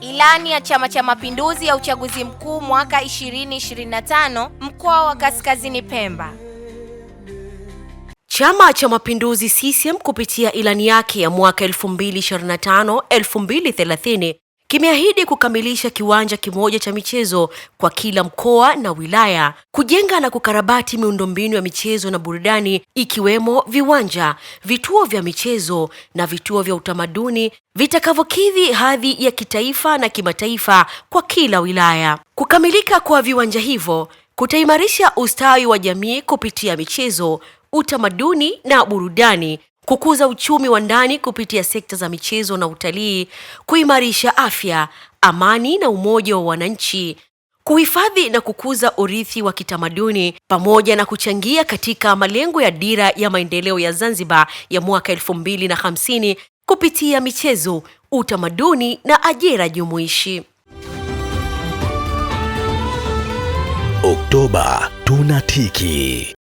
Ilani ya Chama cha Mapinduzi ya uchaguzi mkuu mwaka 2025 mkoa wa Kaskazini Pemba. Chama cha Mapinduzi CCM kupitia ilani yake ya mwaka 2025-2030 kimeahidi kukamilisha kiwanja kimoja cha michezo kwa kila mkoa na wilaya, kujenga na kukarabati miundombinu ya michezo na burudani ikiwemo viwanja, vituo vya michezo na vituo vya utamaduni vitakavyokidhi hadhi ya kitaifa na kimataifa kwa kila wilaya. Kukamilika kwa viwanja hivyo kutaimarisha ustawi wa jamii kupitia michezo, utamaduni na burudani kukuza uchumi wa ndani kupitia sekta za michezo na utalii, kuimarisha afya, amani na umoja wa wananchi, kuhifadhi na kukuza urithi wa kitamaduni pamoja na kuchangia katika malengo ya Dira ya Maendeleo ya Zanzibar ya mwaka elfu na hamsini kupitia michezo, utamaduni na ajira jumuishi. Oktoba tunatiki.